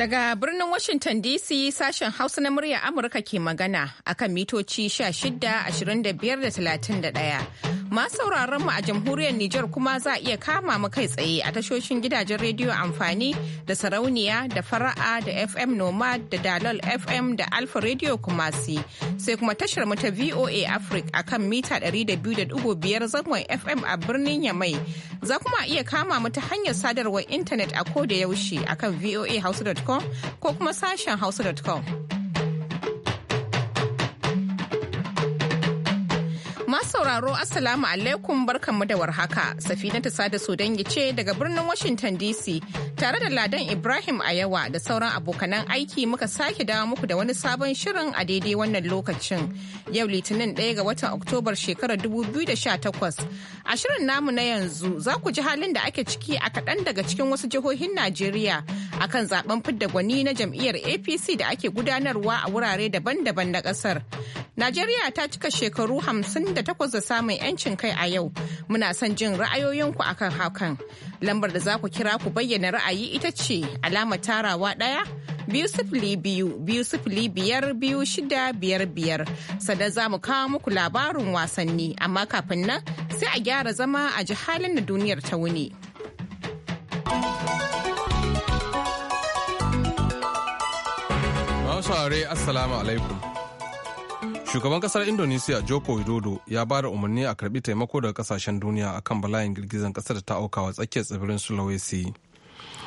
Daga birnin Washington DC sashen Hausa na murya Amurka ke magana akan mitoci 16, 25 da 31. Ma sauraron mu a jamhuriyar Nijar kuma za a iya kama mu kai tsaye a tashoshin gidajen rediyo amfani da sarauniya da fara'a da FM Nomad da Dalol FM da Alfa Radio Kumasi. Sai kuma tashar mu ta VOA Africa a kan mita 200.5 zangon FM a birnin Yamai. Za kuma iya kama mu ta hanyar sadarwar intanet a koda yaushe a kan voahausa.com hausa.com ko kuma sashen hausa.com. Masu sauraro Assalamu alaikum barkanmu da warhaka. Safinatu Sada dangi ce daga birnin Washington DC tare da Ladan Ibrahim Ayawa da sauran abokanan aiki muka sake dawo muku da wani sabon shirin a daidai wannan lokacin. Yau Litinin ɗaya ga watan Oktobar shekarar 2018. A shirin namu na yanzu za ku ji halin da ake ciki a kaɗan daga cikin wasu jihohin Najeriya akan zaben fidda gwani na jam'iyyar APC da ake gudanarwa a wurare daban-daban na ƙasar. Najeriya ta cika shekaru 58 da samun 'yancin kai a yau. Muna son jin ra'ayoyinku akan hakan. Lambar da za ku kira ku bayyana ra'ayi ita ce alama tarawa ɗaya biyu sifili biyu biyu sifili biyar biyu shida biyar biyar. sada za mu kawo muku labarin wasanni amma kafin nan sai a gyara zama a ji halin da duniyar ta wuni. Masu assalamu alaikum. Shugaban kasar Indonesia Joko Widodo ya ba da umarni a karbi taimako daga kasashen duniya akan bala'in girgizan kasar da ta auka wa tsakiyar tsibirin Sulawesi.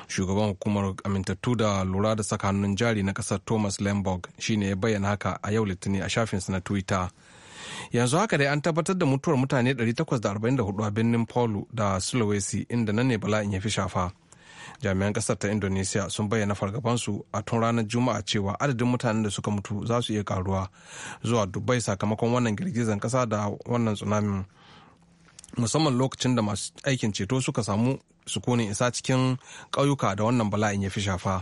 Shugaban hukumar amintattu da lura da saka hannun jari na kasar Thomas Lemberg shine ya bayyana haka a yau Litinin a shafinsa na Twitter. yanzu haka dai an tabbatar da mutuwar mutane 844 a birnin palu da sulawesi inda nan ne bala'in ya fi shafa jami'an kasar ta indonesiya sun bayyana fargabansu a tun ranar juma'a cewa adadin mutanen da suka mutu za su iya karuwa zuwa dubai sakamakon wannan girgizan kasa da wannan tsunami musamman lokacin da masu aikin ceto suka samu sukunin isa cikin ƙauyuka da wannan bala'in ya fi shafa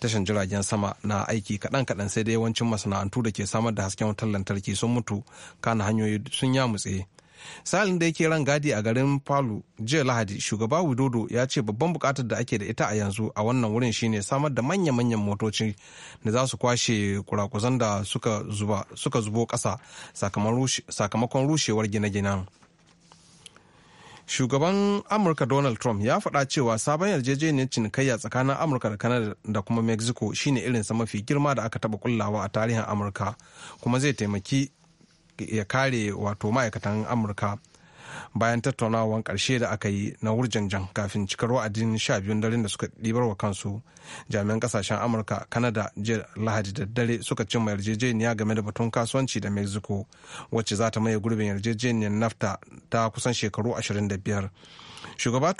tashan jiragen sama na aiki kaɗan kaɗan sai da yawancin masana'antu da ke samar da hasken wutar lantarki sun mutu kana hanyoyi sun ya mutse. salin da yake ran gadi a garin palu jiya lahadi shugaba widodo ya ce babban bukatar da ake da ita a yanzu a wannan wurin shine samar da manya-manyan motoci da za su kwashe kurakuzan da suka zubo kasa sakamakon rushewar gine-ginen shugaban amurka donald trump ya faɗa cewa sabon yarjejeniyar cinikayya tsakanin amurka da kanada da kuma mexico shine irinsa mafi girma da aka taɓa kullawa a tarihin amurka kuma zai taimaki ya kare wato ma'aikatan amurka bayan tattaunawar ƙarshe da aka yi na wurjanjan kafin cikar wa'adin sha biyun daren da suka ɗibar wa kansu jami'an kasashen amurka kanada jiya lahadi da dare suka cin mai yarjejeniya game da batun kasuwanci da mexico wacce za ta maye gurbin yarjejeniyar nafta ta kusan shekaru 25 da biyar. shugaba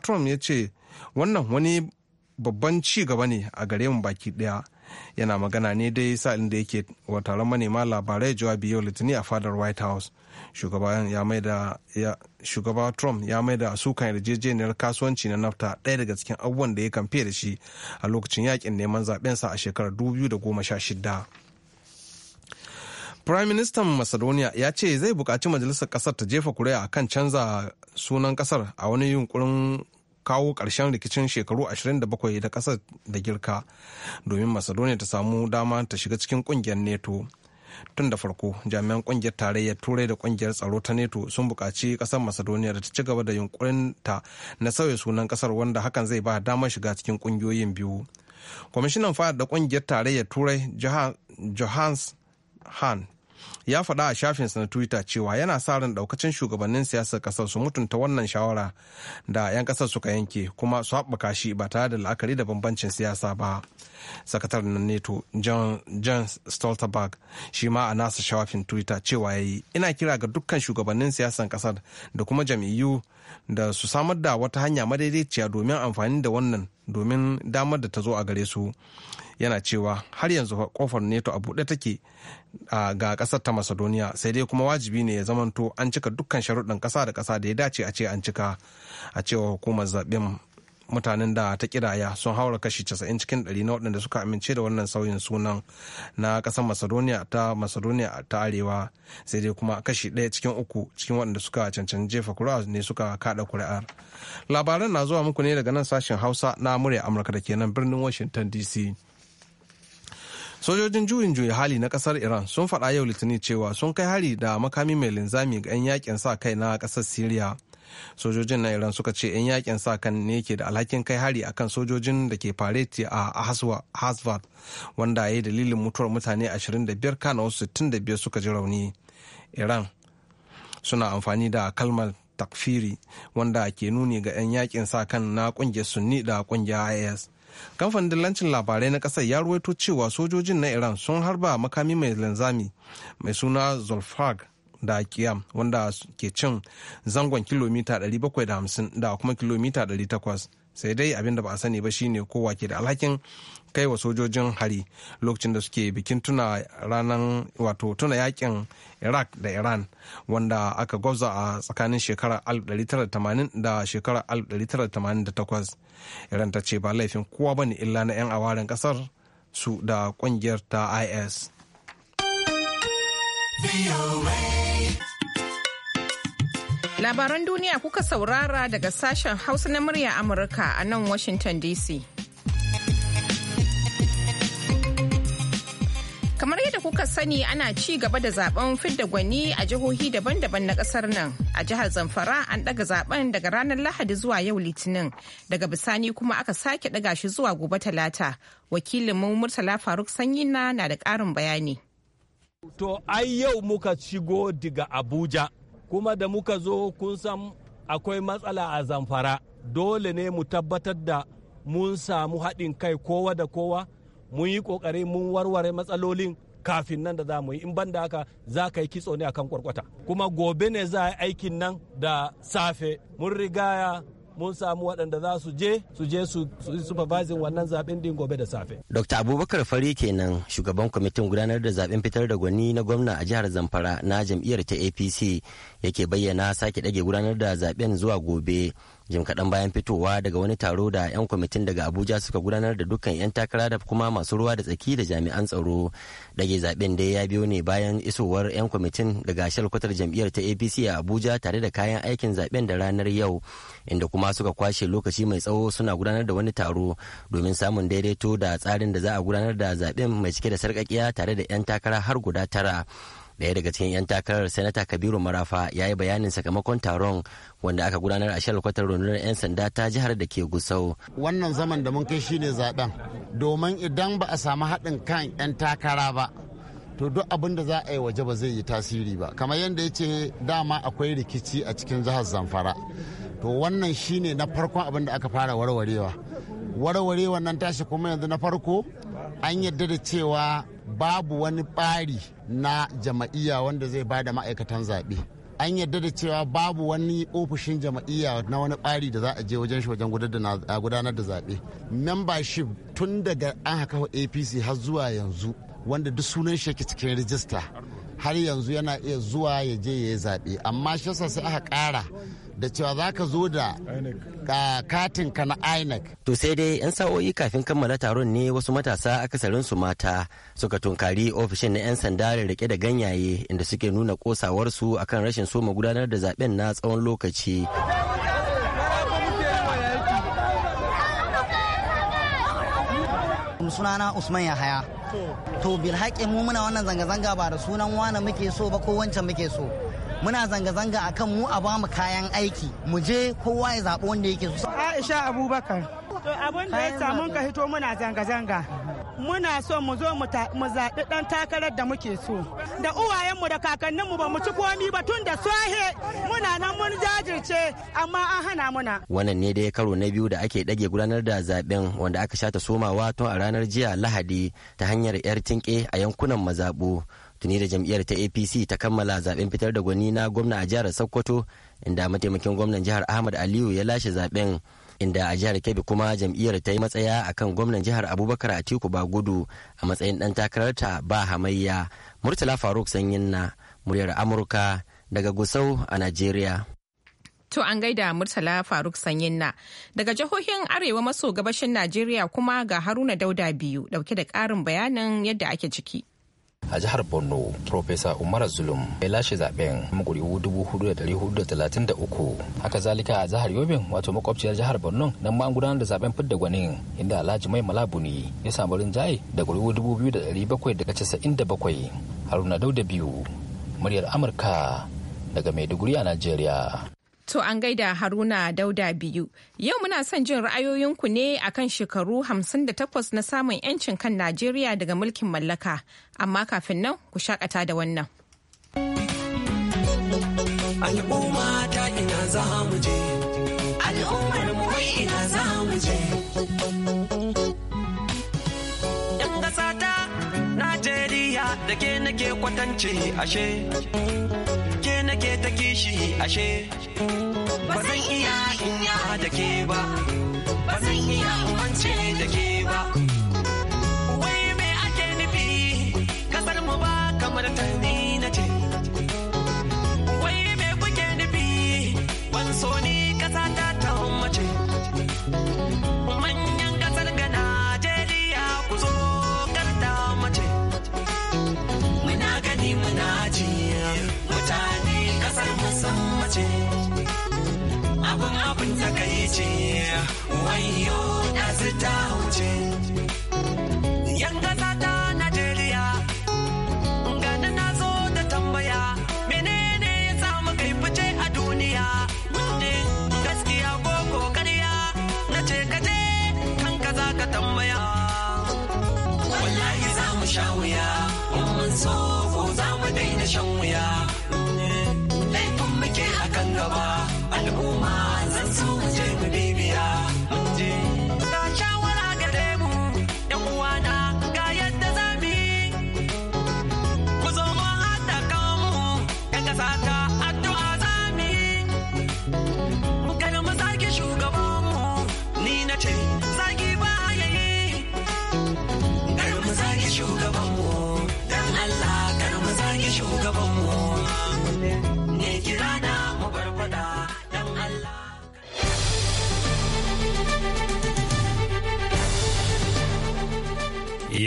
trump ya ce wannan wani babban ci gaba ne a gare mu baki ɗaya yana magana ne dai sa'in da yake wa taron manema labarai jawabi yau litini a fadar white house shugaba trump ya maida sukan yarjejeniyar kasuwanci na nafta ɗaya daga cikin abubuwan da ya kamfe da shi a lokacin yakin neman zaɓensa a shekarar 2016 Prime Minister Macedonia ya ce zai bukaci majalisar kasar ta jefa kuri'a kan canza sunan kasar a wani yunkurin kawo ƙarshen rikicin shekaru 27 da ƙasar da girka domin macedonia ta samu dama ta shiga cikin ƙungiyar neto tun da farko jami'an ƙungiyar tarayyar turai da ƙungiyar tsaro ta neto sun buƙaci ƙasar macedonia da ta ci gaba da yunkurinta na sauya sunan ƙasar wanda hakan zai ba damar shiga cikin ƙungiyoyin biyu kwamishinan fada da ƙungiyar tarayyar turai johans han ya faɗa a shafinsa na twitter cewa yana sa ran ɗaukacin shugabannin siyasar ƙasar su mutunta wannan shawara da 'yan ƙasar suka yanke kuma su haɓaka shi ba tare da la'akari da bambancin siyasa ba sakataren na neto john, john stoltenberg shi ma a nasa shafin twitter cewa ya yi ina kira ga dukkan shugabannin siyasar ƙasar da kuma jam'iyyu da su samar da wata hanya madaidaiciya domin amfani da wannan domin damar da ta zo a gare su yana cewa har yanzu kofar neto a buɗe take ga ƙasar ta macedonia sai dai kuma wajibi ne ya zamanto an cika dukkan sharuɗin ƙasa da ƙasa da ya dace a ce an cika a cewa hukumar zaɓen mutanen da ta kiraya sun haura kashi 90 cikin 100 na waɗanda suka amince da wannan sauyin sunan na ƙasar macedonia ta macedonia ta arewa sai dai kuma kashi ɗaya cikin uku cikin waɗanda suka cancanci jefa kuri'a ne suka kaɗa kuri'ar labaran na zuwa muku ne daga nan sashen hausa na murya amurka da ke nan birnin washington dc sojojin juyin juya hali na kasar iran sun faɗa yau litinin cewa sun kai hari da makami mai linzami ga 'yan yakin sa kai na kasar syria sojojin na iran suka ce 'yan yakin sa kan ne ke da alhakin kai hari akan sojojin da ke fareti a hasvat wanda ya yi dalilin mutuwar mutane 25 kana wasu 65 suka ji rauni iran suna amfani da kalmar takfiri wanda ke nuni ga 'yan yakin sa kan na kungiyar sunni da kungiyar is kamfanin dillancin labarai na kasar ya ruwaito cewa sojojin na iran sun harba makami mai linzami mai suna zulfag da kiyam wanda ke cin zangon kilomita 750 da kuma kilomita 800 sai dai abin da ba a sani ba shine kowa ke da alhakin kai wa sojojin hari lokacin da suke bikin tuna ranar wato tuna yakin iraq da iran wanda aka gwabza a tsakanin shekarar 1980 da shekarar 1988 iran ta ce ba laifin kowa bane illa na 'yan awarin kasar su da kungiyar ta is labaran duniya kuka saurara daga sashen hausa na murya amurka a nan washington dc kuka sani ana ci gaba da zaben fidda gwani a jihohi daban-daban na kasar nan. A jihar Zamfara an daga zaben daga ranar Lahadi zuwa yau Litinin. Daga bisani kuma aka sake daga shi zuwa gobe Talata. Wakilin mu Murtala Faruk sanyi na na da karin bayani. To ai yau muka shigo daga Abuja kuma da muka zo kun san akwai matsala a Zamfara. Dole ne mu tabbatar da mun samu haɗin kai kowa da kowa mun yi ƙoƙari mun warware matsalolin kafin nan da za mu yi in banda haka za ka yi kitso ne akan kwarkwata kuma gobe ne za a yi aikin nan da safe mun rigaya mun samu waɗanda za su je su je su supervising wannan zaɓen din gobe da safe. Dr. Abubakar Fari kenan shugaban kwamitin gudanar da zaɓen fitar da gwani na gwamna a jihar Zamfara na jam'iyyar ta APC yake bayyana sake ɗage gudanar da zaɓen zuwa gobe jim kaɗan bayan fitowa daga wani taro da 'yan kwamitin daga abuja suka gudanar da dukkan 'yan takara da kuma masu ruwa da tsaki da jami'an tsaro dage zaben dai ya biyo ne bayan isowar 'yan kwamitin daga shalkwatar jam'iyyar ta apc a abuja tare da kayan aikin zaben da ranar yau inda kuma suka kwashe lokaci mai tsawo suna gudanar da wani taro domin samun daidaito da tsarin da za a gudanar da zaben mai cike da sarkakiya tare da 'yan takara har guda tara daya daga cikin 'yan takarar sanata kabiru marafa ya yi bayanin sakamakon taron wanda aka gudanar a shalkwatar rundunar 'yan sanda ta jihar da ke gusau wannan zaman da mun kai shi ne zaben domin idan ba a samu haɗin kan 'yan takara ba to duk abin da za a yi waje ba zai yi tasiri ba kamar yadda ya ce dama akwai rikici a cikin jihar zamfara to wannan shine na farkon abin da aka fara warwarewa warware wannan tashi kuma yanzu na farko an yadda da cewa babu wani bari na jama'iyya wanda zai ba da ma'aikatan zaɓe an yadda da cewa babu wani ofishin jama'iyya na wani bari da za a je wajen shi wajen gudanar da zaɓe membership tun daga an haka apc har zuwa yanzu wanda duk sunan shi yake cikin rijista har yanzu yana iya zuwa ya je ya yi zaɓe amma shi sai aka ƙara da cewa za ka zo da ah, katin ka na inec to sai dai yan sa'o'i kafin kammala taron ne wasu matasa akasarin su mata suka tunkari ofishin na 'yan sanda da rike da ganyaye inda suke nuna kosawarsu akan rashin soma gudanar da zaben na tsawon lokaci sunana Usman Yahaya. To bilhaƙin mu muna wannan zanga-zanga ba da sunan wane muke so ba ko wancan muke so. Muna zanga-zanga akan mu a bamu kayan aiki mu je kowa ya zaɓi wanda yake so. Aisha Abubakar. To abin da ya samu ka hito muna zanga-zanga. muna so mu zo mu zaɓi ɗan takarar da muke so da uwayenmu da kakanninmu ba mu ci komi ba tun da sohe muna nan mun jajirce amma an hana muna wannan ne dai karo na biyu da ake ɗage gudanar da zaɓen wanda aka sha shata somawa tun a ranar jiya lahadi ta hanyar yar tinke a yankunan mazaɓo tuni da jam'iyyar ta apc ta kammala zaɓen fitar da gwani na gwamna a jihar sokoto inda mataimakin gwamnan jihar ahmad aliyu ya lashe zaɓen inda a jihar kebbi kuma jam'iyyar ta yi matsaya a kan gwamnan jihar abubakar atiku ba gudu a matsayin dan takararta ba hamayya murtala faruk sanyin na muryar amurka daga gusau a najeriya To an gaida Murtala Faruk Sanyinna daga jihohin Arewa maso gabashin Najeriya kuma ga Haruna Dauda biyu dauke da ƙarin bayanin yadda ake ciki. a jihar borno profesa umar zulum ya lashe zaben da uku haka zalika a jihar yobin wato makwabciyar jihar borno nan ma an gudanar da zaben fidda gwanin inda alhaji mai malabuni ya samu rinjaye da da bakwai haruna dauda biyu muryar amurka daga maiduguri a najeriya To an gaida Haruna Dauda biyu. Yau muna son jin ra'ayoyinku ne akan shekaru 58 na samun 'yancin kan Najeriya daga mulkin mallaka. Amma kafin nan ku shakata da wannan. Al'umma ina za mu je, al'ummar mu ina za je. ‘Yan ƙasa ta Najeriya da ke nake kwatance ashe. nake ta kishi ashe ba zan iya inya da ke ba ba zan iya umance da ke ba wai me ake nufi kasar mu ba kamar ta ni na ce wai me kuke nufi ban so ni ce abin abin ta yi ce wayo na su ta wuce yan gasa ta najeriya gani na zo da tambaya menene ya samu kai fice a duniya gaskiya ko kokariya na ce kaje kan ka za ka tambaya wallahi za mu sha wuya mun so ko za mu daina shan wuya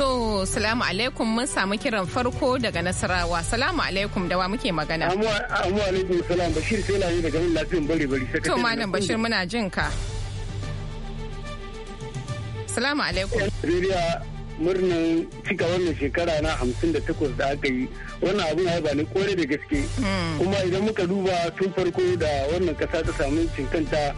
To, salamu alaikum mun samu kiran farko daga Nasarawa. Salamu alaikum da wa muke magana. Amma alaikum salam Bashir sai yi daga nan lafiyan bari bari. To, Malam Bashir muna jin ka. Salamu alaikum. Najeriya murnan cika wannan shekara na hamsin da takwas da aka yi wannan abin ya ba ni kore da gaske. Hmm. Kuma idan muka duba tun farko da wannan kasa ta samu cinkanta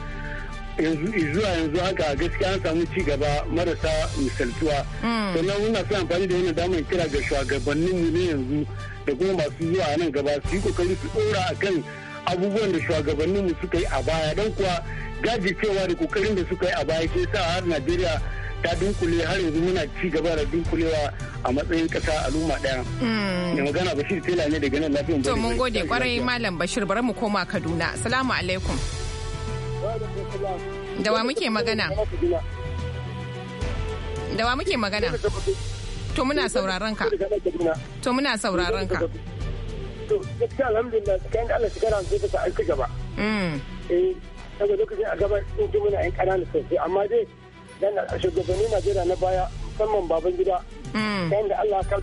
yanzu zuwa yanzu haka gaskiya an samu ci gaba marasa misaltuwa hmm. sannan muna son amfani da wani damar kira ga shugabannin mu ne yanzu da kuma masu zuwa a nan gaba su yi kokari su dora a kan abubuwan da shugabannin mu suka yi a baya don kuwa cewa da kokarin da suka yi a baya ke sa har najeriya ta dunkule har yanzu muna ci gaba da dunkulewa a matsayin kasa al'umma ɗaya. Hmm. Mai magana Bashir Tela ne daga nan lafiyan. To mun gode kwarai Malam Bashir bari mu koma Kaduna. Assalamu alaikum. Da wa muke magana? Da wa muke magana? To muna sauraron ka. To muna sauraron ka. To gaskiya alhamdulillah da Allah shekara sai ta aiki gaba. Mm. Eh daga lokacin a gaba sun ji muna yan ƙananan sosai amma dai dan shugabannin Najeriya na baya musamman baban gida. Mm. Kayan da Allah ka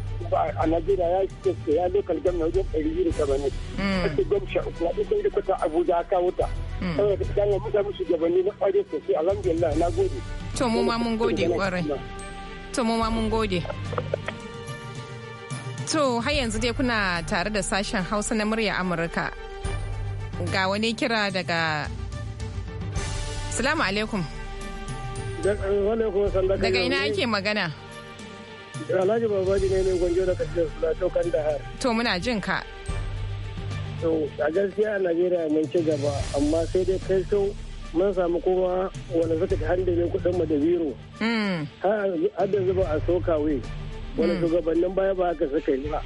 a Najeriya ya ce ya local government wajen ɗari biyu da saba'in. Mm. Kasu gwamsha gwamnati, na ɗin da kwata Abuja kawo ta. saboda ta dana mun samu shugabanni na kwarai sosai alhamdulillah na gode to mu ma mun gode kwarai to mu ma mun gode to har yanzu dai kuna tare da sashen hausa na murya amurka ga wani kira daga salamu alaikum daga ina ake magana alhaji babaji ne ne gwanjo da kashin sulatau kan to muna jin ka to a gaskiya a najeriya mai ci gaba amma sai dai kai so mun samu kuma wanda suka ta ne kudin mu da biro hmm. har da zuba a soka kawai wani hmm. shugabannin baya ba haka suka yi ba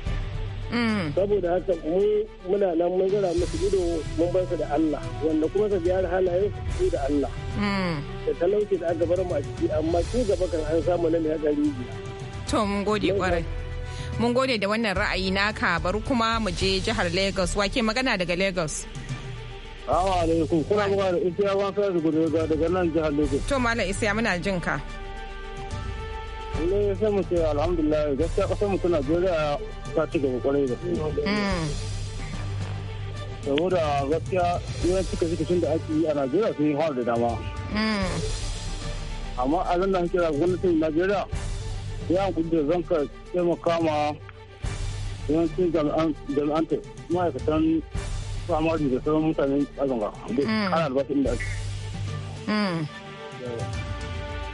hmm. saboda haka mu muna nan mun zura musu ido mun bar su da Allah wanda kuma su biyar halayen su da Allah da talauci da aka bar mu a ciki amma ci gaba kan an samu na mai hadari to mun gode kwarai mun gode da wannan ra'ayi naka bari kuma mu je jihar lagos wake magana daga lagos Assalamu alaikum kuna magana da Isiya ban fara daga daga nan jihar Lagos. To malam Isiya muna jin ka. Allah ya sai mu ce alhamdulillah gaskiya kasar mu tana Najeriya ta ci gaba kwarai da hmm. Saboda gaskiya cika kashe tun da ake yi a Najeriya sun yi har da dama. Hmm. Amma a nan da kira gwamnatin Najeriya ya gudu zan ka taimaka ma yawancin jami'an ma'aikatan samari da sauran mutane a zanga da kara albashin da ake. Mm.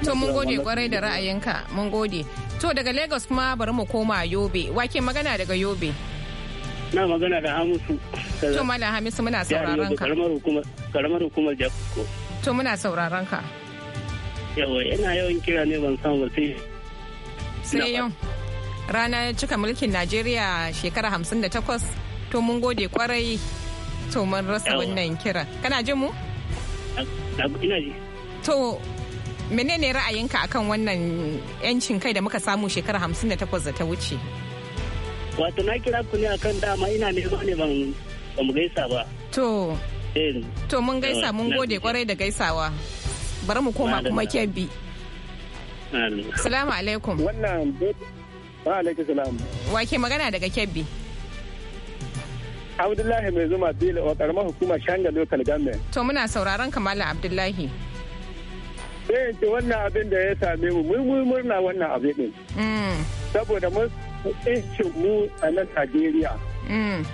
To mun gode kwarai da ra'ayinka mun gode. To daga Lagos kuma bari mu koma Yobe. Wake magana daga Yobe. Na magana da Hamisu. To Mala Hamisu muna sauraron ka. Karamar hukumar Jakusko. To muna sauraron ka. Yawa yana yawan kira ne ban samu sai sai yau ranar cika mulkin najeriya shekara hamsin da takwas to mun gode kwarai to mun rasa wannan kira kana jin mu to menene ra'ayinka akan wannan yancin kai da muka samu shekara hamsin da takwas da ta wuce wato na kira ku ne akan dama ina nema ne ban mu gaisa ba to eh. to mun gaisa mun gode kwarai da gaisawa bari mu koma kuma kebbi Salamu alaikum. Wannan wa alaikum salam. Wa ke magana daga Kebbi? Abdullahi mai zuma bila wa karamar hukumar Shanga Local Government. To muna sauraron Kamala Abdullahi. Sai eh, ce wannan abin da ya same mu mun murna wannan abin din. Mm. Saboda mun incin mu a nan Najeriya. Mm.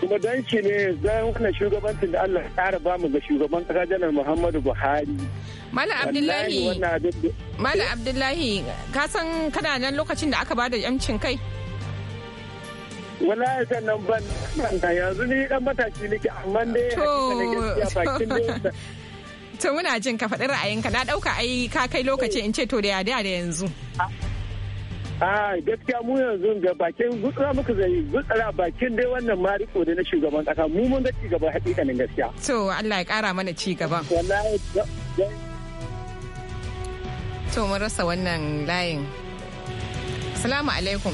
Kuma don shi ne zan wannan shugabancin da Allah ya ƙara bamu ga shugaban ƙasa janar Muhammadu Buhari. Mala Abdullahi Mala Abdullahi ka san kana nan lokacin da aka bada yamcin kai? Wala ya nan ban yanzu ni dan matashi nake amma dai gaskiya bakin dai to muna jin ka faɗi ra'ayinka na ɗauka ai ka kai lokaci in ce to da yada da yanzu. A gaskiya mu yanzu ga bakin gutsura muka zai gutsura bakin dai wannan mariko da na shugaban ƙasa mu mun ga ci gaba hakikanin gaskiya. To Allah ya ƙara mana ci gaba. Wallahi to mun rasa wannan layin salamu alaikum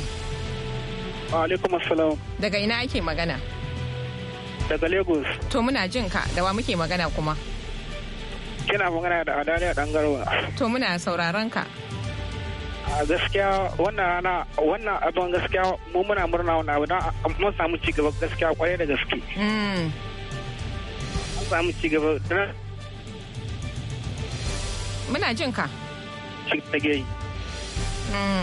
alaikum assalam daga ina ake magana daga lagos to muna jin ka da wa muke magana kuma kina magana da adaliya dangarwa to muna sauraron ka a gaskiya wannan rana wannan abin gaskiya mu muna murna wannan abu don mun samu cigaba gaskiya kwarai da gaske an mm. samu cigaba muna jin ka Mm.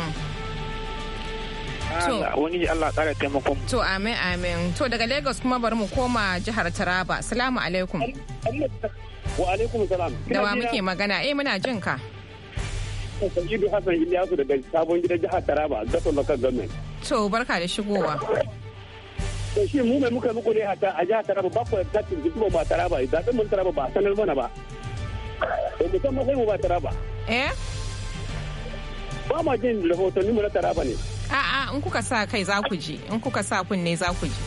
to amin amin to daga Lagos kuma bari mu koma jihar Taraba salamu alaikum wa alaikum salam da wa muke magana eh muna jin ka Sa'idu Hassan Ilyasu daga sabon gidan jihar Taraba Gato Local Government to barka da shigowa to shi mu mai muka muku ne a jihar Taraba ba ku da tattin zuwa ba Taraba zaɓen mun Taraba ba sanar mana ba to musamman sai mu ba Taraba eh ba ma jin rahotanni mu na taraba ne a'a in kuka sa kai za ku ji in kuka sa kunne za ku ji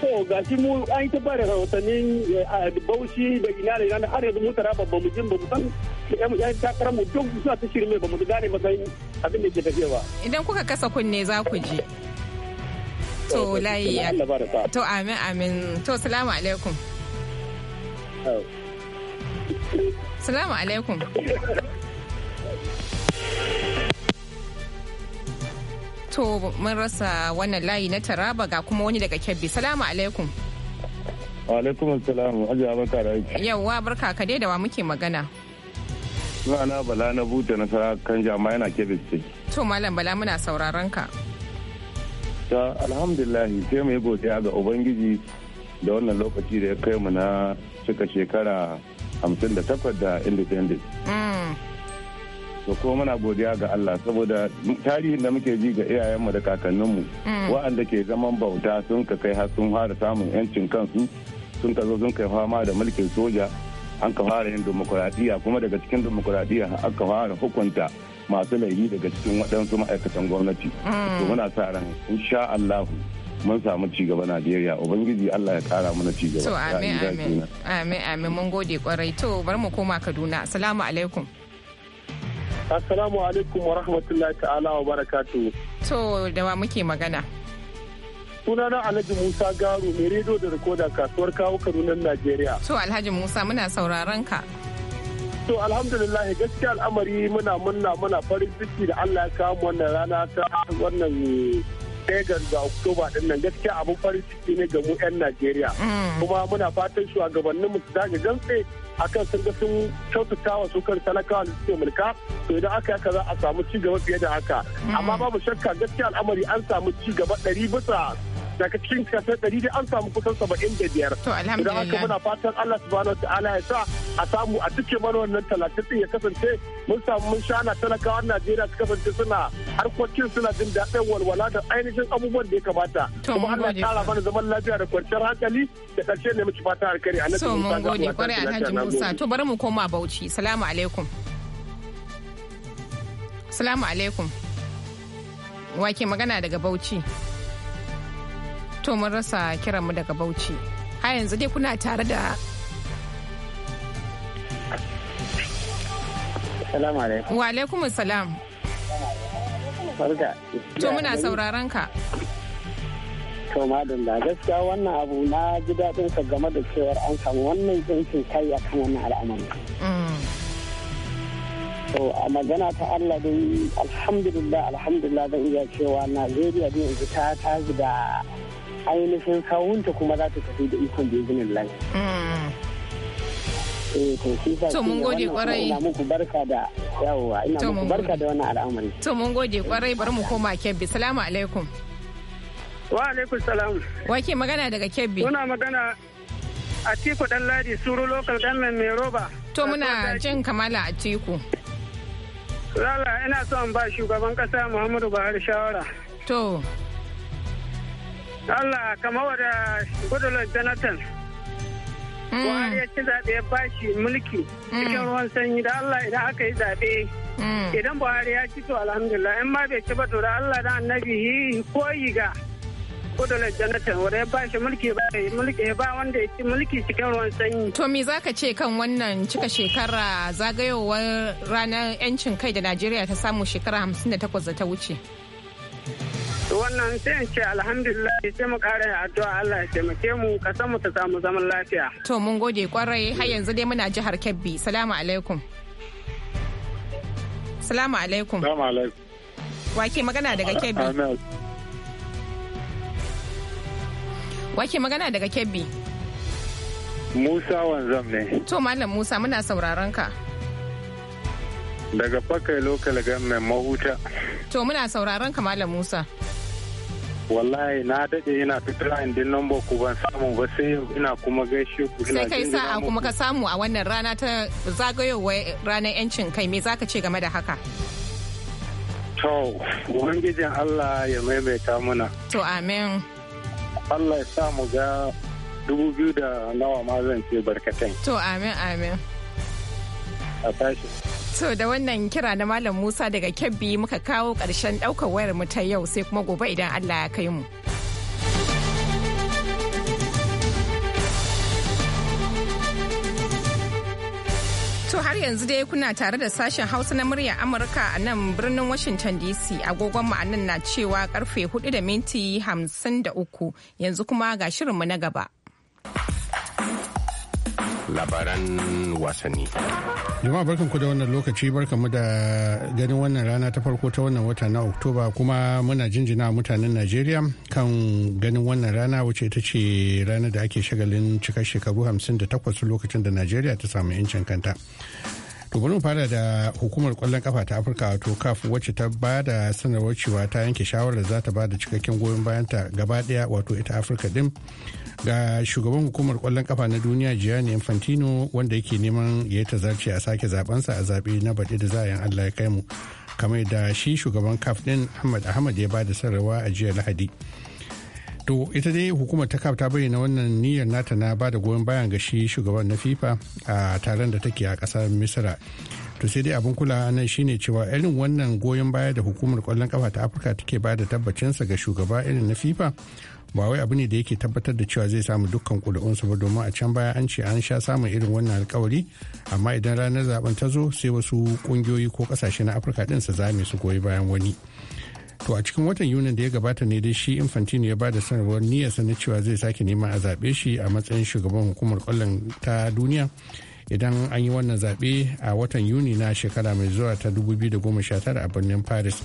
to ga shi mu an yi ta bada rahotannin eh, bauchi da ina da ina har yanzu mu taraba ba mu jin ba mu san yan takarar mu duk suna ta shirme ba mu gane matsayin abin da ke tafiya ba idan kuka kasa kunne za ku ji to layi to amin amin to salamu alaikum salamu alaikum to mun rasa wannan layi na taraba ga kuma wani daga kebbi salamu alaikum alaikum salamu ajiya barka da aiki yawwa barka ka da wa muke magana na bala na buta na kan jama'a yana kebbi ce to malam bala muna sauraron ka ta alhamdulillah sai mu yi godiya ga ubangiji da wannan lokaci da ya kai mu na cika shekara hamsin da takwas da independence mm. to ko muna godiya ga Allah saboda tarihin da muke ji ga iyayenmu da kakanninmu mm. wa'anda ke zaman bauta sun ka kai har sun fara samun yancin kansu sun ka zo sun kai fama da mulkin soja an ka fara yin demokuraɗiyya kuma daga cikin demokuraɗiyya ka fara hukunta masu laifi daga cikin waɗansu ma'aikatan gwamnati mm. to muna sa ran insha Allah mun samu ci gaba Najeriya Ubangiji Allah ya kara mana ci gaba. To amin amin amin amin mun gode kwarai to bar mu koma Kaduna assalamu alaikum. Assalamu alaikum wa rahmatullahi ta'ala wa barakatu. To da wa muke magana? Sunana Alhaji Musa Garu mai rediyo da rikoda kasuwar kawo Kanunan Najeriya. To Alhaji Musa muna sauraron ka. To alhamdulillah gaskiya al'amari muna muna muna farin ciki da Allah ya kawo wannan rana ta wannan ɗaya ga oktoba din nan gaskiya abu farin ciki ne ga mu 'yan najeriya mm. kuma muna fatan shugabannin mu su zage a akan sun ga sun kyautata wa su kan talakawa da suke mulka to idan aka haka za a samu ci gaba fiye da haka mm. amma babu shakka gaskiya al'amari an samu ci gaba ɗari bisa daga cikin kasar ɗari an samu kusan saba'in da biyar. To alhamdulillah. Idan aka muna fatan Allah subhanahu wa ta'ala ya sa a samu a cikin mana wannan talatin ya kasance mun samu mun shana talakawan Najeriya su kasance suna harkokin suna jin daɗin walwala da ainihin abubuwan da ya kamata. Kuma Allah ya kara mana zaman lafiya da kwanciyar hankali da ƙarshe ne muke fata alkhairi. So mun gode kwarai Alhaji Musa to bari mu koma Bauchi. Salamu alaikum. Salamu alaikum. Wake magana daga Bauchi. to mun rasa kiranmu daga bauchi har yanzu dai kuna tare da Assalamu alaikum. Wa alaikum salam. To muna sauraron ka. To da gaskiya wannan abu na ji daɗin ka game da cewar an samu wannan yankin kai a kan wannan al'amari. Mm. To a magana ta Allah dai alhamdulillah alhamdulillah zan iya cewa Najeriya dai ta tashi da ainihin kawunta kuma za ta tafi da ikon da izinin lai. Mm. Eh, to mun gode kwarai. Ina muku barka da ina muku barka da wannan al'amari. To mun gode kwarai bari mu koma Kebbi. Salamu alaikum. Wa alaikum salam. Wake magana daga Kebbi. Muna magana a Tiku Dan Ladi Suru Local Government mai roba. To muna jin kamala a Tiku. Lala ina son ba shugaban kasa Muhammadu Buhari shawara. To. Allah kamar da Goodluck Jonathan. Mm. Buhari ya ci zaɓe ya bashi mulki mm. cikin ruwan sanyi da Allah idan aka yi zaɓe. Mm. Idan Buhari ya ci to alhamdulillah in ma bai ci ba to da Allah da annabi yi ko yi ga Goodluck Jonathan wanda ya bashi mulki ba mulki ba wanda ya ci mulki cikin ruwan sanyi. To me ka ce kan wannan cika shekara zagayowar ranar 'yancin kai da Najeriya ta samu shekara 58 da ta wuce? wannan sai ce alhamdulillah sai mu ƙara addu'a Allah ya taimake mu kasan mu ta samu zaman lafiya to mun gode kwarai har yanzu dai muna jihar Kebbi salamu alaikum salamu alaikum salamu alaikum wake magana daga Kebbi wake magana daga Kebbi Musa wanzam ne to malam Musa muna sauraron ka daga fakai lokal mai mahuta. To muna sauraron ka Malam Musa. wallahi na daɗe ina ta a din number ku ban samu ba sai ina kuma gaishe ku ina sai kai sa'a kuma ka samu a wannan rana ta zagayowa ranar yancin kai me zaka ce game da haka to ubangijin Allah ya maimaita muna to amin Allah ya sa mu ga dubu biyu da nawa ma zan ce barkatai to amin amin a tashi To da wannan kira na Malam Musa daga Kebbi muka kawo ƙarshen ɗaukar wayar mu ta yau sai kuma gobe idan Allah ya kai mu. To har yanzu dai kuna tare da sashen Hausa na muryar Amurka a nan birnin Washington DC agogon mu nan na cewa karfe 4 da minti 53 yanzu kuma ga shirinmu na gaba. labaran wasanni. Jama'a barkan ku da wannan lokaci barkan mu da ganin wannan rana ta farko ta wannan wata na Oktoba kuma muna jinjina mutanen Najeriya kan ganin wannan rana wacce ita ce ranar da ake shagalin cikar shekaru 58 lokacin da Najeriya ta samu 'yancin kanta. to bari mu fara da hukumar kwallon kafa ta afirka wato caf wacce ta ba da sanarwar cewa ta yanke shawarar za ta ba da cikakken goyon bayanta gaba daya wato ita afirka din ga shugaban hukumar kwallon kafa na duniya gianni infantino wanda yake neman ya zarce a sake zabensa a zaɓe na baɗi da za a yin allah ya kai mu kamar da shi shugaban kaf din ahmad ahmad ya bada da sarrawa a jiya lahadi to ita dai hukumar ta kaf ta bayyana wannan niyyar nata na ba goyon bayan ga shi shugaban na fifa a taron da take a ƙasar misira to sai dai abin kula nan shine cewa irin wannan goyon baya da hukumar kwallon kafa ta afirka take ba da tabbacinsa ga shugaba irin na fifa ba wai abu ne da yake tabbatar da cewa zai samu dukkan ƙuri'unsu ba domin a can baya an ce an sha samun irin wannan alkawari amma idan ranar zaben ta zo sai wasu ƙungiyoyi ko kasashe na afirka ɗin su zame su goyi bayan wani to a cikin watan yunin da ya gabata ne dai shi infantino ya bada sanarwar niyyarsa na cewa zai sake nema a zaɓe shi a matsayin shugaban hukumar kwallon ta duniya idan an yi wannan zaɓe a watan yuni na shekara mai zuwa ta 2019 a birnin paris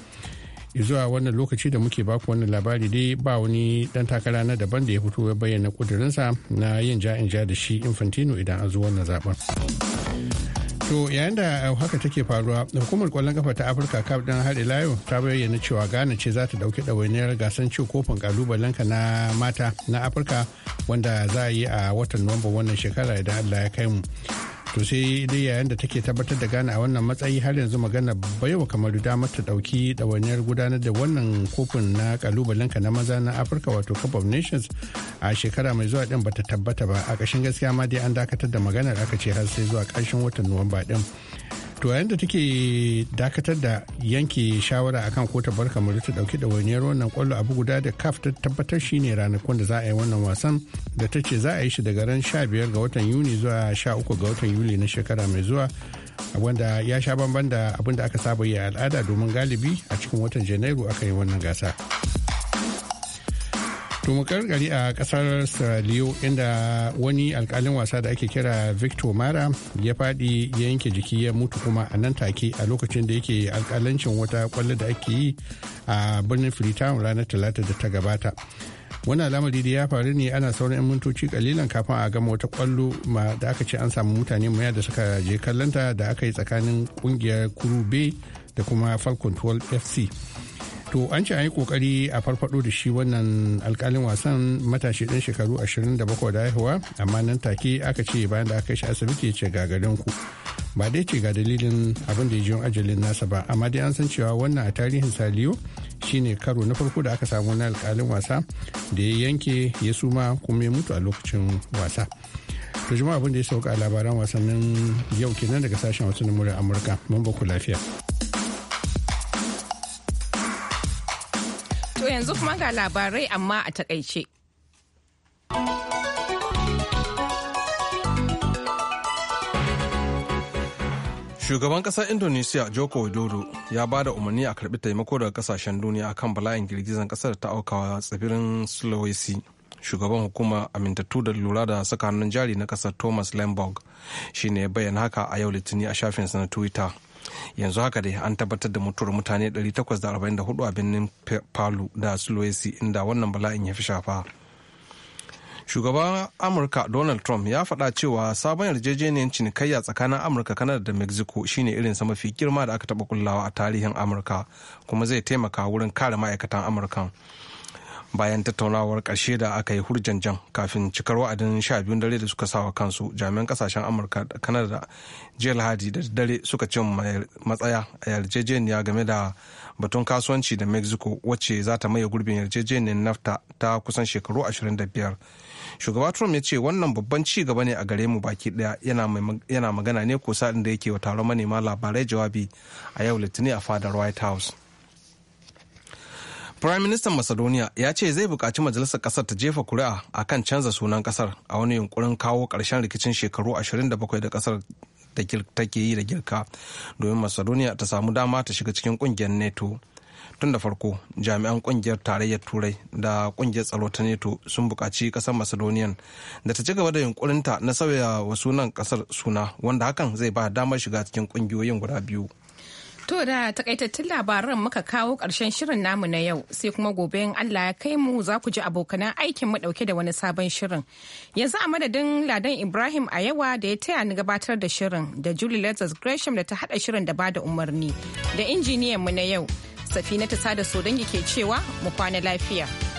zuwa wannan lokaci da muke baku wannan labari dai ba wani dan takara na daban da ya fito ya bayyana kudurinsa na yin ja in ja da shi infantino idan an zo wannan zaben to yayin da eh, haka take faruwa hukumar kwallon kafa ta afirka kaf din haɗe layo ta bayyana cewa ghana ce za ta ɗauki ɗawainiyar gasar cin kofin kalubalenka na mata na afirka wanda za a yi a watan nuwamba wannan shekara idan allah ya kai mu to sai dai yayin da take tabbatar da gane a wannan matsayi har yanzu magana baiwa kamar damar ta dauki dawaniyar gudanar da wannan kofin na kalubalenka na maza na afirka wato cup of nations a shekara mai zuwa din bata tabbata ba a ƙashin gaskiya ma dai an dakatar da maganar aka ce har sai zuwa ƙarshen watan nuwamba din to yayin da take dakatar da yanke shawara akan ko barka kamaru ta dauki ɗawainiyar wannan kwallo abu guda da kaf ta tabbatar shine ranakun da za a yi wannan wasan da ta ce za a yi shi daga ran 15 ga watan yuni zuwa 13 ga watan yuli na shekara mai zuwa wanda ya sha bamban da abin da aka saba yi a al'ada domin galibi a cikin watan janairu aka yi wannan gasa. to karkari a kasar sierra leone inda wani alkalin wasa da ake kira victor mara ya fadi ya yanke jiki ya mutu kuma a nan take a lokacin da yake alkalancin wata kwallo da ake yi a birnin freetown ranar talata da ta gabata wani lamari da ya faru ne ana sauran 'yan mintoci kalilan kafin a gama wata kwallo da aka ce an samu mutane maya da suka je kallonta da aka yi tsakanin kungiyar kurube da kuma falcon 12 fc to an ce an yi kokari a farfado da shi wannan alkalin wasan matashi ɗan shekaru 27 da haihuwa amma nan take aka ce bayan da aka shi asibiti ce gagarin ku ba dai ce ga dalilin abin da ya jiyon ajalin nasa ba amma dai an san cewa wannan a tarihin saliyo shine karo na farko da aka samu na alkalin wasa da ya yanke ya suma kuma ya mutu a lokacin wasa to jima abin da ya sauka labaran wasannin yau kenan daga sashen wasu na amurka mun ba ku lafiya yanzu kuma ga labarai amma a takaice. Shugaban ƙasar Indonesia Joko Widodo ya ba da umarni a karɓi taimako daga ƙasashen duniya akan bala'in girgizan ƙasar ta auka aukawa tsibirin Sulawesi. Shugaban hukuma amintattu da lura da saka hannun jari na ƙasar Thomas Lemberg shi ne bayyana haka a yau litini a shafinsa na Twitter. yanzu haka dai an tabbatar da mutuwar mutane 844 a birnin palu da sulawesi inda wannan bala'in ya fi shafa shugaban amurka donald trump ya faɗa cewa sabon yarjejeniyar cinikayya tsakanin amurka kanada da mexico shine irin sa mafi girma da aka taɓa kullawa a tarihin amurka kuma zai taimaka wurin kare ma'aikatan amurkan bayan tattaunawar ƙarshe da aka yi hurjanjan kafin cikar wa'adin sha biyun dare da suka sawa kansu jami'an kasashen amurka da kanada jiya lahadi da dare suka cin matsaya a yarjejeniya game da batun kasuwanci da mexico wacce za ta maye gurbin yarjejeniyar nafta ta kusan shekaru 25 shugaba trump ya ce wannan babban ci gaba ne a gare mu baki daya yana magana ne ko kusa da yake wa taron manema labarai jawabi a yau litinin a fadar white house Prime Minister Macedonia ya ce zai buƙaci majalisar ƙasar ta jefa kuri'a a kan canza sunan ƙasar a wani yunkurin kawo ƙarshen rikicin shekaru 27 da ƙasar take yi da girka domin Macedonia ta samu dama ta shiga cikin ƙungiyar NATO. tun da farko jami'an ƙungiyar tarayyar turai da ƙungiyar tsaro ta nato sun buƙaci ƙasar Macedonia da ta ci gaba da yunkurinta na sauya wa sunan ƙasar suna wanda hakan zai ba damar shiga cikin ƙungiyoyin guda biyu To da takaitattun labaran muka kawo ƙarshen shirin namu na yau sai kuma gobe in Allah ya kai mu za ku ji abokanan aikin mu dauke da wani sabon shirin. Yanzu a madadin Ladan Ibrahim a yawa da ya taya ni gabatar da shirin da Julie Letters Gresham da ta hada shirin da bada umarni da injiniyan mu na yau. Safina ta sada so dangi ke cewa mu kwana lafiya.